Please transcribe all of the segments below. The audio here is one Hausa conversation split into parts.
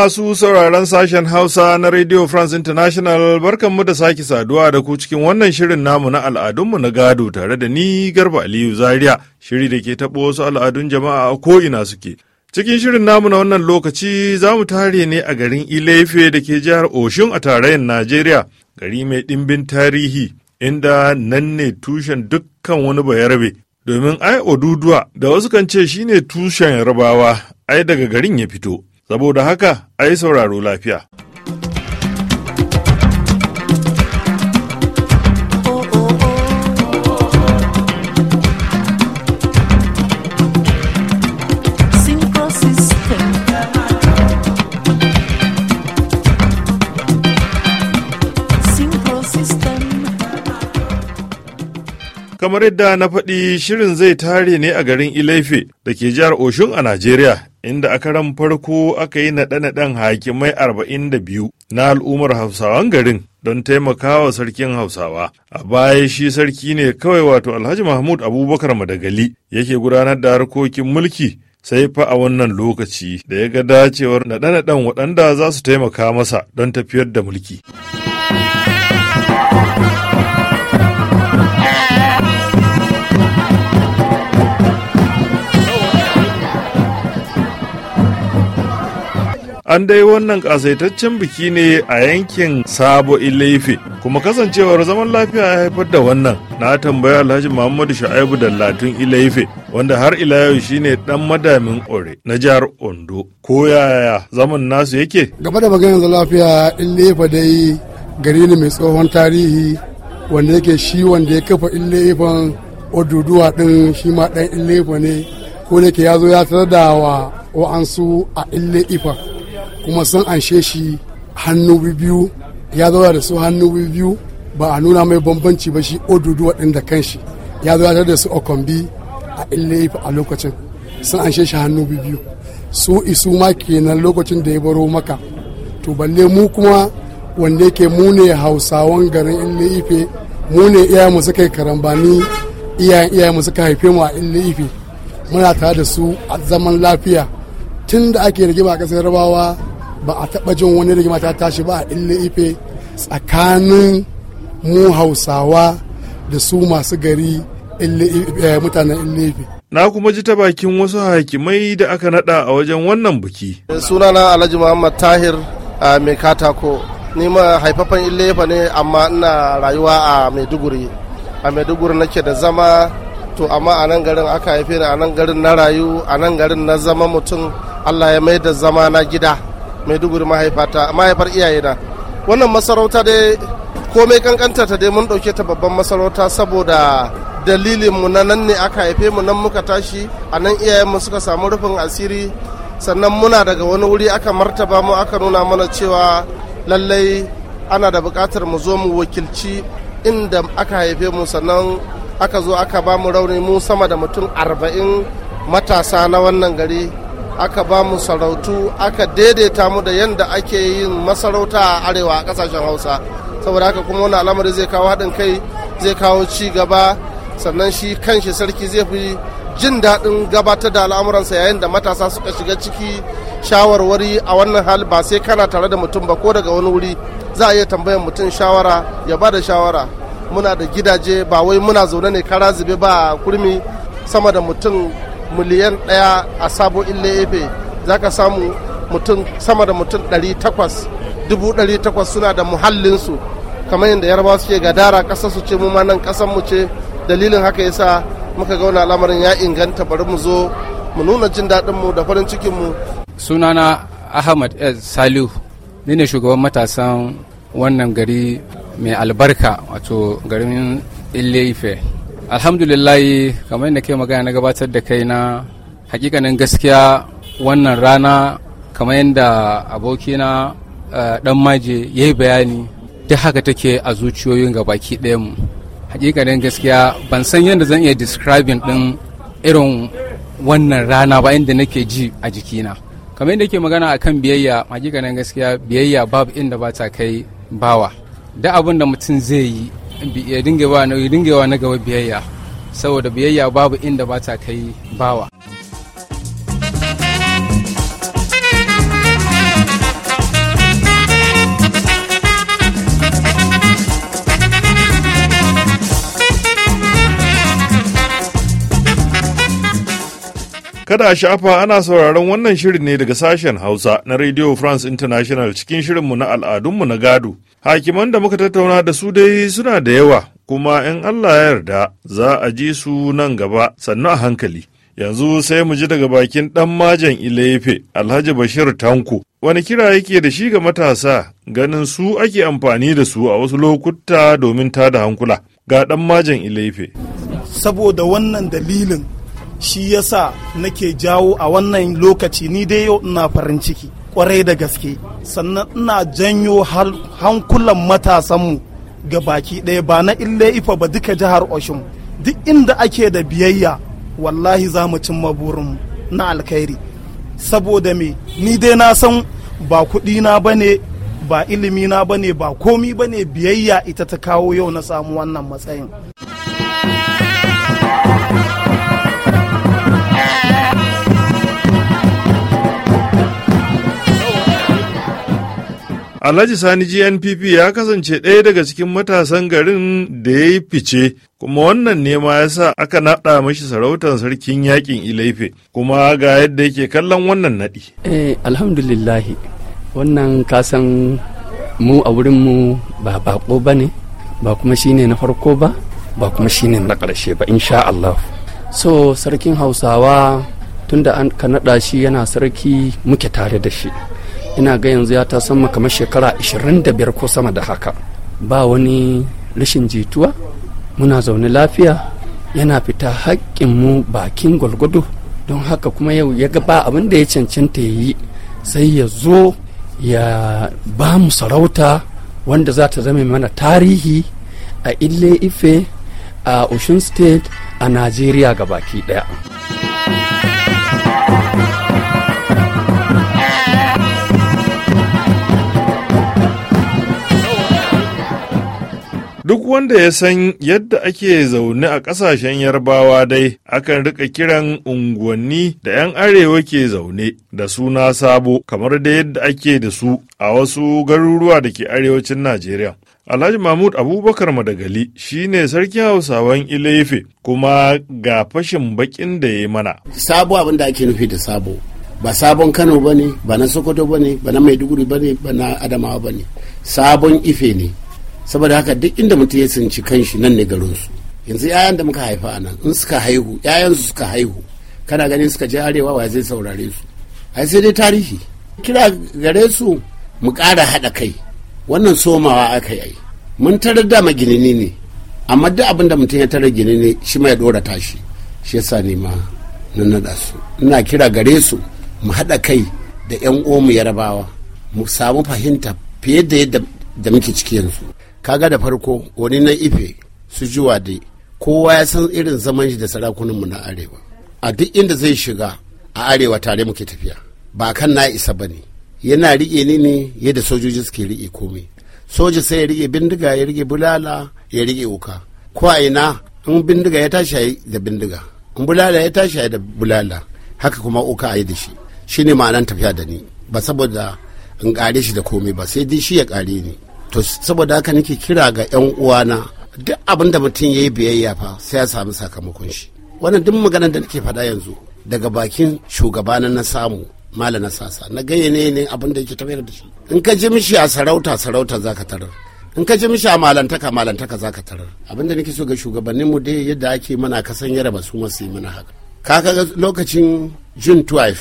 Masu sauraron sashen Hausa na Radio France International barkanmu da sake saduwa da ku cikin wannan shirin namu na al'adunmu na gado tare da ni Garba Aliyu Zaria shiri da ke taɓo wasu al'adun jama'a a ko'ina suke. Cikin shirin namu na wannan lokaci za mu tare ne a garin Ilefe da ke jihar Oshun a tarayyar Najeriya, gari mai ɗimbin tarihi inda nan ne tushen dukkan wani bayarabe. Domin ai Oduduwa da wasu kan ce shine tushen Yarbawa, ai daga garin ya fito. Saboda haka, a yi sauraro lafiya. kamar yadda na faɗi shirin zai tare ne a garin Ilaife da ke jihar Oshun a Najeriya inda a karan farko aka yi naɗe-naɗen hakimai biyu na al'ummar hausawan garin don taimakawa sarkin hausawa a baya shi sarki ne kawai wato alhaji mahmud abubakar madagali yake gudanar da harkokin mulki sai fa a wannan lokaci da ya ga dacewar naɗe-naɗen waɗanda za su taimaka masa don tafiyar da mulki. An dai wannan kasaitaccen biki ne a yankin Sabo Ilaife, kuma kasancewar zaman lafiya ya haifar da wannan na tambaya Alhaji Muhammadu da latin Ilaife, wanda har ila yau shine dan madamin Ore na jihar Ondo. Ko yaya zaman nasu yake? Gaba da maganar lafiya Ilaife dai gari ne mai tsohon tarihi wanda yake shi wanda ya kafa Ilaifen Oduduwa din shi ma dan Ilaife ne ko ne ke ya zo ya tsada wa wa'ansu a Ilaifen. kuma sun anshe shi hannu biyu ya zo da su hannu biyu ba a nuna mai bambanci ba shi odudu ɗin da kanshi ya zo da su okombi a illefi a lokacin sun anshe shi hannu biyu su isu ma kenan lokacin da ya baro maka to balle mu kuma wanda yake mu ne hausawan garin ille ife mu ne mu suka yi karambani iyayen mu suka haife mu a ille ife muna tare da su a zaman lafiya tun da ake rigima a ƙasar rabawa ba a taɓa jin wani rigima ta tashi ba a ɗille ife tsakanin mu hausawa da su masu gari eh, mutanen ɗille ife na kuma ji ta bakin wasu hakimai da aka naɗa a wajen wannan biki sunana alhaji muhammad tahir a mai katako ni ma haifafan ife ne amma ina rayuwa a maiduguri a maiduguri nake da zama to amma a nan garin aka haife ni a nan garin na rayu a nan garin na zama mutum allah ya mai da zama na gida maiduguri mahaifata mahaifar iyayena wannan masarauta dai komai kankanta ta dai mun ɗauke ta babban masarauta saboda dalilin mu na nan ne aka haife mu nan muka tashi a nan iyayenmu suka samu rufin asiri sannan muna daga wani wuri aka martaba mu aka nuna mana cewa lallai ana da buƙatar mu zo mu wakilci inda aka haife mu sannan aka zo aka ba mu rauni mu sama da mutum arba'in matasa na wannan gari aka ba mu sarautu aka daidaita mu da yadda ake yin masarauta a arewa a kasashen hausa saboda haka kuma wani al'amari zai kawo haɗin kai zai kawo ci gaba sannan shi kanshi sarki zai fi jin daɗin gabatar da al'amuransa yayin da matasa suka shiga ciki shawarwari a wannan hali ba sai kana tare da mutum ba ko daga wani wuri za a iya tambayar mutum shawara ya ba da shawara muna da gidaje ba wai muna zaune ne kara zube ba kurmi sama da mutum miliyan ɗaya a sabo ille ife za ka samu mutum sama da mutum ɗari takwas dubu ɗari takwas suna da muhallinsu kamar yadda yarbawa suke gadara ƙasar su ce mu ma nan ƙasar mu ce dalilin haka yasa muka ga wani al'amarin ya inganta bari mu zo mu nuna jin daɗin mu da farin cikin mu sunana ahmad salihu ni ne shugaban matasan wannan gari mai albarka wato garin ile ife alhamdulillahi kamar yadda kai magana na gabatar da kai na hakikanin gaskiya wannan rana kamar yadda abokina eh, dan maje ya yi bayani duk haka take a zuciyoyin ga baki mu hakikanin gaskiya ban san yadda zan iya describing din irin wannan rana ba inda nake ji a jikina kamar yadda ke magana a kan biyayya hakikanin gaskiya biyayya babu inda ba ta kai bawa da abin da mutum zai yi ya dinga wa na dinga wa na gaba biyayya saboda biyayya babu inda ba ta kai bawa Kada a shafa ana sauraron wannan shirin ne daga sashen Hausa na Radio France International cikin shirinmu na al'adunmu na gado. hakiman da muka tattauna da su dai suna da yawa kuma in allah ya yarda za a ji su nan gaba sannu a hankali yanzu sai mu ji daga bakin ɗan majan ilefe alhaji bashir tanko wani kira yake da shi ga matasa ganin su ake amfani da su a wasu lokuta domin tada hankula ga ɗan majan ilefe saboda wannan dalilin shi yasa nake jawo a wannan lokaci ni dai yau ina farin ciki kwarai da gaske sannan ina janyo hankulan matasanmu ga baki ɗaya ba na ille ifa ba duka jihar oshun duk inda ake da biyayya wallahi za mu cimma burinmu na alkhairi saboda me ni dai na san ba kuɗina ba ne ba ilimina ba ne ba komi ba ne biyayya ita ta kawo yau na samu wannan matsayin. Alhaji Sani GNPP ya kasance ɗaya daga cikin matasan garin da ya yi fice, kuma wannan nema ya sa aka naɗa mashi sarautar sarkin yakin Ilaife, kuma ga yadda yake kallon wannan naɗi. Eh, alhamdulillahi, wannan kasan mu a wurinmu ba bako ba ne, ba kuma shi ne na farko ba, ba kuma shi ne na ƙarshe ba, insha Allah. So, sarkin Hausawa tunda an ka naɗa shi yana sarki muke tare da shi. ina ga yanzu ya taso sama kamar shekara 25 ko sama da haka ba wani rashin jituwa muna zaune lafiya yana fita haƙƙinmu bakin gwalgwado don haka kuma yau ya ga ba abin da ya cancanta ya yi sai ya zo ya ba mu sarauta wanda za ta zama mana tarihi a ile ife a ocean state a najeriya ga baki ɗaya. Duk wanda ya san yadda ake zaune a ƙasashen yarbawa dai, akan rika kiran unguwanni da 'yan arewa ke zaune da suna sabo kamar da yadda ake da su a wasu garuruwa da ke arewacin Najeriya. Alhaji Mahmud Abubakar Madagali shine ne sarkin Hausawan Ilefe kuma ga fashin bakin da ya mana. Sabo abin da ake nufi da sabo. Ba sabon Kano ba ne, ba na Sokoto ba ne, ba na Maiduguri ba ne, ba na Adamawa ba ne. Sabon Ife ne. saboda haka duk inda mutum ya tsinci kanshi nan ne garinsu yanzu 'ya'yan da muka haifa anan in suka haihu 'ya'yansu suka haihu kana ganin suka je arewa wa zai saurare su ai sai dai tarihi kira gare su mu ƙara haɗa kai wannan somawa aka yi mun tarar da maginini ne amma duk abin da mutum ya tarar gini ne shi mai ɗora tashi shi yasa ne ma na naɗa su ina kira gare su mu haɗa kai da 'yan omu yarabawa mu samu fahimta fiye da yadda da muke ciki yanzu ka ga da farko wani na ife su juwa dai kowa ya san irin zaman shi da sarakunanmu na arewa a duk inda zai shiga a arewa tare muke tafiya ba kan na isa ba ne yana riƙe ni ne yadda sojoji suke riƙe komai soja sai ya riƙe bindiga ya riƙe bulala ya riƙe wuka ko a ina in bindiga ya tashi da bindiga in bulala ya tashi da bulala haka kuma uka a yi da shi shine ma'anan tafiya da ni ba saboda in ƙare shi da komai ba sai dai shi ya ƙare ni to saboda haka nake kira ga yan uwana duk abin da mutum ya yi biyayya fa sai ya samu sakamakon shi wannan duk maganar da nake faɗa yanzu daga bakin shugabana na samu mala na sasa na gayyane ne ne abin da yake tafiyar da shi in ka ji mishi a sarauta sarauta ka tarar in ka ji mishi a malantaka malantaka ka tarar abin da nake so ga shugabannin mu dai yadda ake mana kasan yaraba su masu yi mana haka ka ga lokacin june 12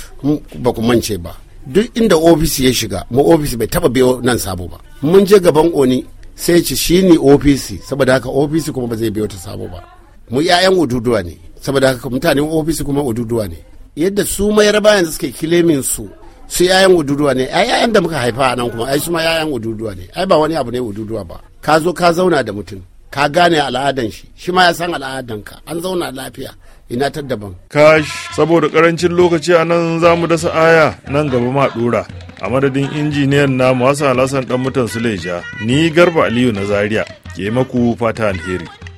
ba ku mance ba duk inda ofis ya shiga mu ofis bai taba biyo nan sabo ba mun je gaban oni sai ce shi ne ofisi saboda haka ofisi kuma ba zai biyo ta sabo ba mu 'ya'yan ududuwa ne saboda haka mutanen ofisi kuma ududuwa ne yadda su mayar bayan suke kilemin su su yayan ududuwa ne ai yayan da muka haifa a nan kuma ai su ma yayan ududuwa ne ai ba wani abu ne ududuwa ba ka zo ka zauna da mutum ka gane al'adan shi shi ma ya san al'adan an zauna lafiya ina ta daban kash saboda karancin lokaci a nan za mu dasa aya nan gaba ma dora a madadin injiniyan na masu alasan dan mutan suleja ni garba aliyu na zaria ke maku fata alheri